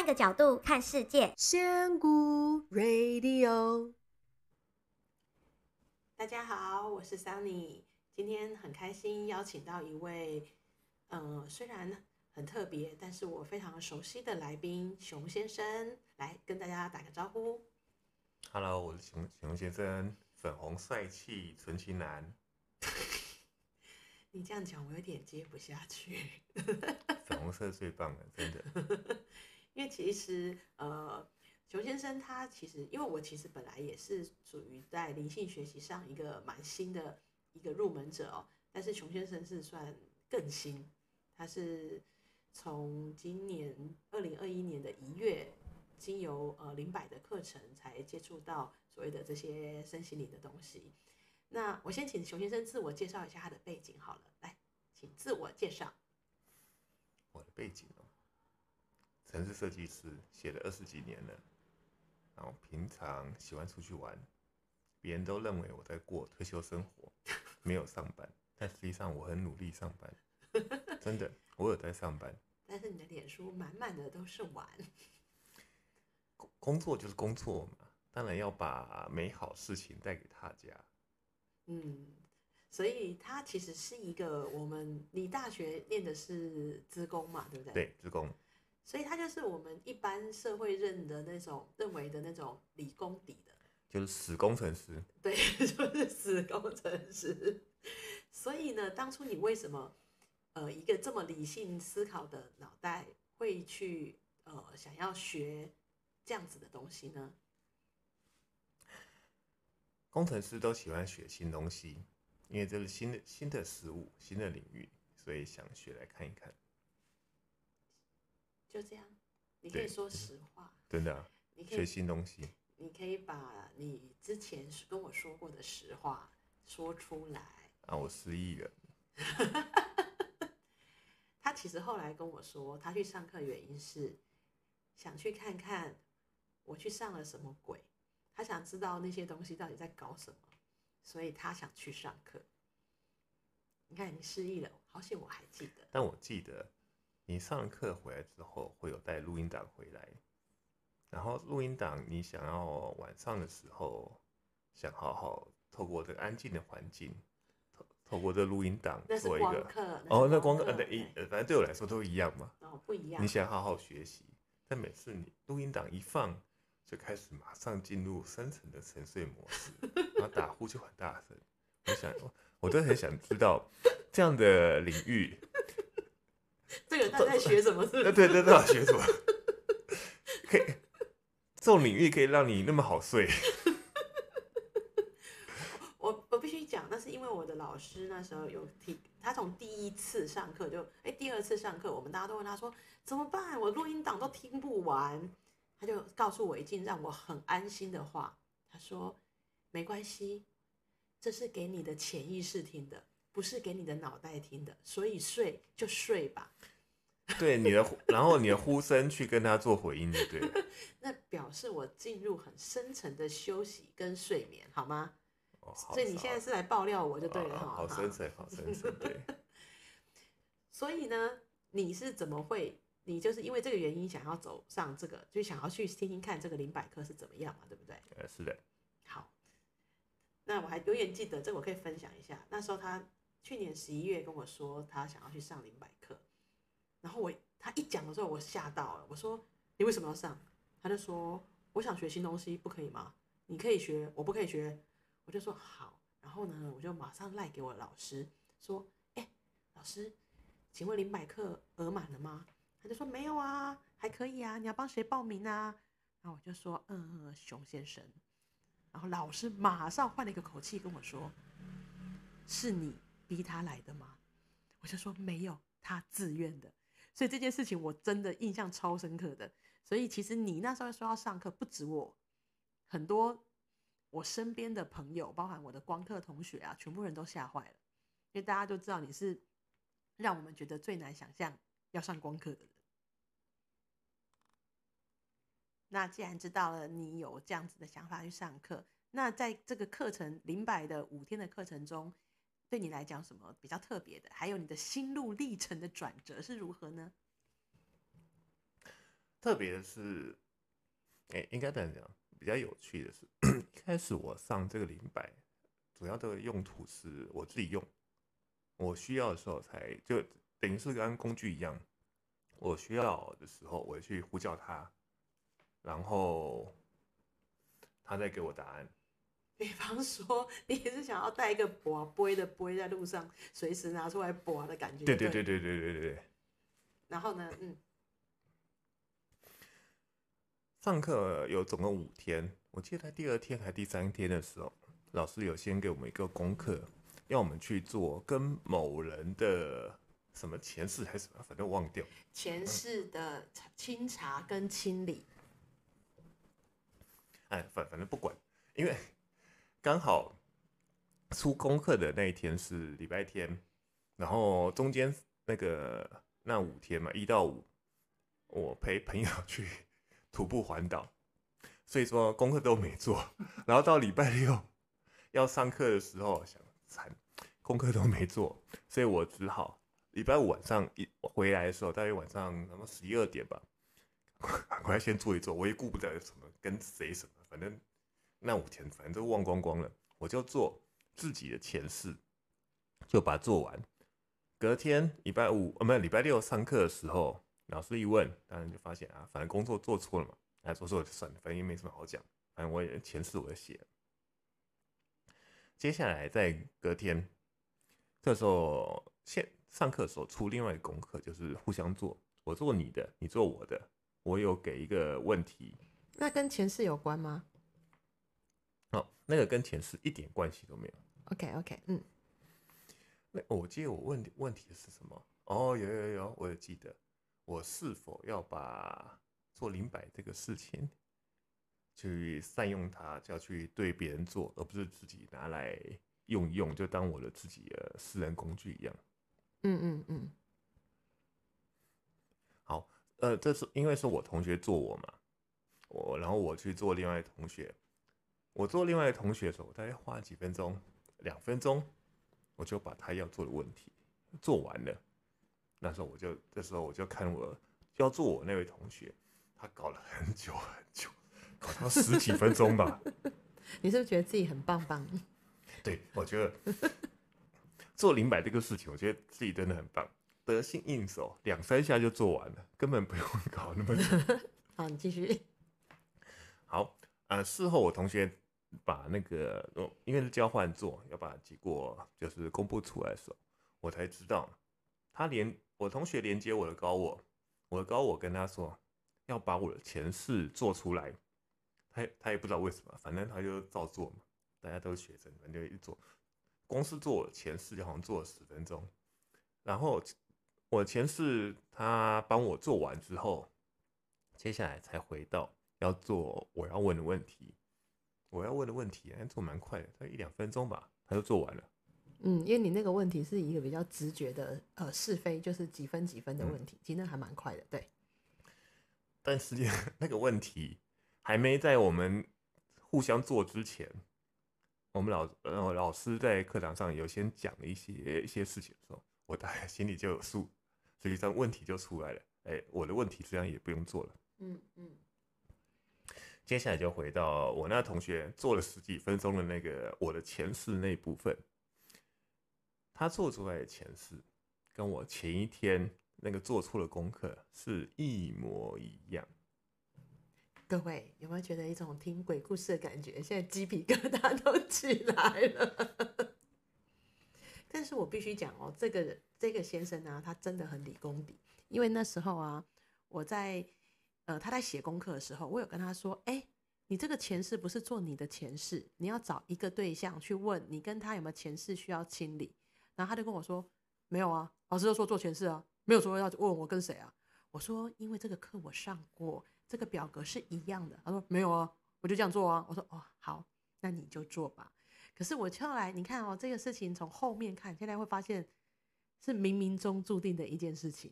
換個角度看世界，仙谷 Radio。大家好，我是 Sunny，今天很開心邀請到一位，嗯、呃，雖然很特別，但是我非常熟悉的來賓熊先生，來跟大家打個招呼。Hello，我是熊熊先生，粉紅帥氣純情男。 你這樣講，我有點接不下去。 粉紅色最棒了，真的。因為其實，呃，熊先生他其實，因為我其實本來也是屬於在靈性學習上一個蠻新的一個入門者哦，但是熊先生是算更新，他是從今年二零二一年的一月，經由呃林柏的課程才接觸到所謂的這些身心靈的東西。那我先請熊先生自我介紹一下他的背景好了。來，請自我介紹。我的背景哦。程式設計師寫了二十幾年了。然後平常喜歡出去玩，別人都認為我在過退休生活，沒有上班，但實際上我很努力上班，真的，我有在上班。但是你的臉書滿滿的都是玩，工工作就是工作嘛，當然要把美好事情帶給大家。嗯，所以他其實是一個我們你大學念的是資工嘛，對不對？對，資工。所以他就是我們一般社會認的那種、認為的那種理工底的，就是死工程師。對，就是死工程師。所以呢，當初你為什麼，呃，一個這麼理性思考的腦袋會去呃想要學這樣子的東西呢？工程師都喜歡學新東西，因為這是新的新的事物、新的領域，所以想學來看一看。就這樣，你可以說實話，真的。對啊，你可以學新東西，你可以把你之前跟我說過的實話說出來。啊，我失憶了。 他其實後來跟我說，他去上課的原因是想去看看我去上了什麼鬼，他想知道那些東西到底在搞什麼，所以他想去上課。你看，你失憶了，好險我還記得。但我記得。你上課回來之後，會有帶錄音檔回來，然後錄音檔你想要晚上的時候想好好透過這個安靜的環境透透過這錄音檔做一個哦，那光呃，對一、欸、反正對我來說都一樣嘛，哦不一樣。你想好好學習，但每次你錄音檔一放就開始馬上進入深層的沉睡模式，然後打呼就很大聲。 我想我都很想知道這樣的領域。他在學什麼是不是？是吧？對對對，學什麼？可以，這種領域可以讓你那麼好睡 我。我我必須講，那是因為我的老師那時候有聽，他從第一次上課就哎、欸，第二次上課，我們大家都問他說怎麼辦？我錄音檔都聽不完。他就告訴我一句讓我很安心的話，他說：“沒關係，這是給你的潛意識聽的，不是給你的腦袋聽的，所以睡就睡吧。”對你的，然後你的呼聲去跟他做回應，對對？ 那表示我進入很深層的休息跟睡眠，好嗎？哦、好，所以你現在是來爆料我就對了、哦、好深層哈好深層對。 所以呢，你是怎麼會？你就是因為這個原因想要走上這個，就想要去聽聽看這個靈擺課是怎麼樣嘛，對不對？呃，是的。好，那我還永遠記得，這個、我可以分享一下。那時候他去年十一月跟我說，他想要去上靈擺課。然後我他一講的時候，我嚇到了。我說：“你為什麼要上？”他就說：“我想學新東西，不可以嗎？你可以學，我不可以學。”我就說：“好。”然後呢，我就馬上賴給我老師說：“哎，老師，請問靈擺課額滿了嗎？”他就說：“沒有啊，還可以啊，你要幫誰報名啊？”然後我就說：“嗯、呃、嗯，熊先生。”然後老師馬上換了一個口氣跟我說：“是你逼他來的嗎？”我就說：“沒有，他自願的。”所以這件事情我真的印象超深刻的。所以其實你那時候說要上課，不止我，很多我身邊的朋友，包含我的光課同學啊，全部人都嚇壞了，因為大家都知道你是讓我們覺得最難想象要上光課的人。那既然知道了你有這樣子的想法去上課，那在這個課程零百的五天的課程中。對你來講什麼比較特別的？還有你的心路歷程的轉折是如何呢？特別是，哎，應該這樣講，比較有趣的是，一 開始我上這個靈擺，主要的用途是我自己用，我需要的時候才就等於是跟工具一樣，我需要的時候我去呼叫他，然後他再給我答案。比方說，你也是想要帶一個缽，缽的缽在路上隨時拿出來缽的感覺。對，對對對對對對對。然後呢。 嗯。上課有總共五天，我記得他第二天還第三天的時候，老師有先給我們一個功課，要我們去做跟某人的什麼前世還是什麼，反正忘掉。前世的清查跟清理。嗯、哎，反反正不管，因為。剛好出功課的那一天是禮拜天，然後中間那個那五天嘛，一到五，我陪朋友去徒步環島，所以說功課都沒做。然後到禮拜六要上課的時候，想慘，功課都沒做，所以我只好禮拜五晚上一回來的時候，大約晚上那麼十一二點吧，趕快先做一做，我也顧不得什麼跟誰什麼，反正。那五天反正都忘光光了，我就做自己的前世，就把它做完。隔天禮拜五哦，啊、不是禮拜六上課的時候，老師一問，當然就發現啊，反正工作做錯了嘛，啊，做錯了就算了，反正也沒什麼好講。反正我也前世我也寫了。接下來在隔天，這時候現上課的時候出另外一個功課，就是互相做，我做你的，你做我的。我有給一個問題，那跟前世有關嗎？那個跟前世一點關係都沒有。OK OK，嗯，那我記得我問問題是什麼？哦，有有有，我也記得。我是否要把做靈擺這個事情，去善用它，就去對別人做，而不是自己拿來用一用，就當我的自己的私人工具一樣。嗯嗯嗯。好，呃，這是因為是我同學做我嘛，我然後我去做另外同學。我做另外一個同學的時候，我大概花幾分鐘，兩分鐘，我就把他要做的問題做完了。那時候我就，這時候我就看，我就要做我那位同學，他搞了很久很久，搞到十幾分鐘吧。 你是不是覺得自己很棒棒？對，我覺得做靈擺這個事情，我覺得自己真的很棒，得心應手，兩三下就做完了，根本不用搞那麼久。 好，你繼續。好，呃，事後我同學。把那個、哦，因為是交換做，要把結果就是公布出來的時候，我才知道，他連我同學連接我的高我，我的高我跟他說要把我的前世做出來，他他也不知道為什麼，反正他就照做嘛，大家都學生，反正就一做，光是做我前世就好像做了十分鐘，然後我前世他幫我做完之後，接下來才回到要做我要問的問題。我要問的問題，哎、欸，做蠻快的，大概一兩分鐘吧，他就做完了。嗯，因為你那個問題是一個比較直覺的，呃，是非就是幾分幾分的問題，嗯、其實還蠻快的，對。但是那個問題還沒在我們互相做之前，我們老呃老師在課堂上有先講了一些一些事情，的時候，我大概心裡就有數，所以這樣問題就出來了，哎、欸，我的問題實際上也不用做了。嗯嗯。嗯接下來就回到我那同學做了十幾分鐘的那個我的前世那一部分，他做出來的前世跟我前一天那個做錯的功課是一模一樣。各位有沒有覺得一種聽鬼故事的感覺？現在雞皮疙瘩都起來了。 但是我必須講哦，這個這個先生呢、啊，他真的很理工底，因為那時候啊，我在。呃，他在寫功課的時候，我有跟他說：“哎，你這個前世不是做你的前世，你要找一個對象去問，你跟他有沒有前世需要清理。”然後他就跟我說：“沒有啊，老師都說做前世啊，沒有說要問我跟誰啊。”我說：“因為這個課我上過，這個表格是一樣的。”他說：“沒有啊，我就這樣做啊。”我說：“哦，好，那你就做吧。”可是我後來你看哦，這個事情從後面看，現在會發現是冥冥中注定的一件事情，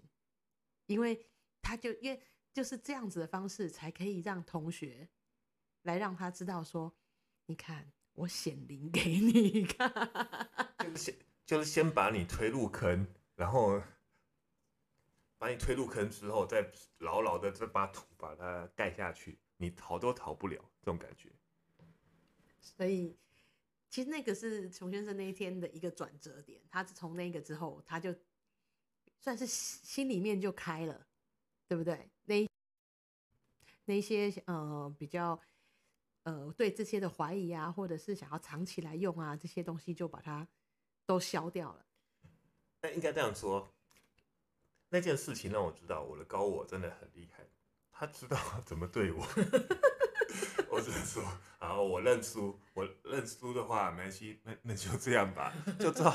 因為他就因為。就是這樣子的方式，才可以讓同學來讓他知道說：“你看我顯靈給你看。”就是先就是先把你推入坑，然後把你推入坑之後，再牢牢的這把土把它蓋下去，你逃都逃不了這種感覺。所以，其實那個是熊先生那一天的一個轉折點。他從那個之後，他就算是心裡面就開了。對不對？那些那些呃比較呃對這些的懷疑啊，或者是想要藏起來用啊，這些東西就把它都消掉了。那應該這樣說，那件事情讓我知道我的高我真的很厲害，他知道怎麼對我。 我只能說，然後我認輸，我認輸的話，沒關係，那那就這樣吧，就照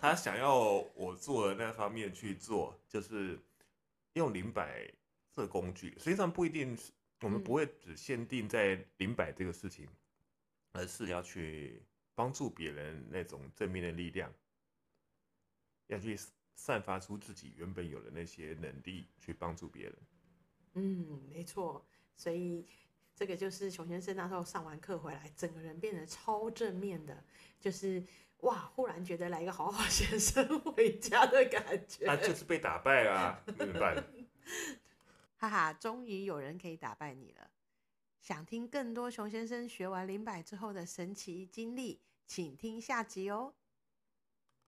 他想要我做的那方面去做，就是。用靈擺這工具，實際上不一定是我們不會只限定在靈擺這個事情，嗯、而是要去幫助別人那種正面的力量，要去散發出自己原本有的那些能力去幫助別人。嗯，沒錯，所以。這個就是熊先生那時候上完課回來，整個人變得超正面的，就是哇，忽然覺得來一個好好先生回家的感覺。他、啊、就是被打敗了啊， 明白 哈哈，終於有人可以打敗你了。想聽更多熊先生學完靈擺之後的神奇經歷，請聽下集哦。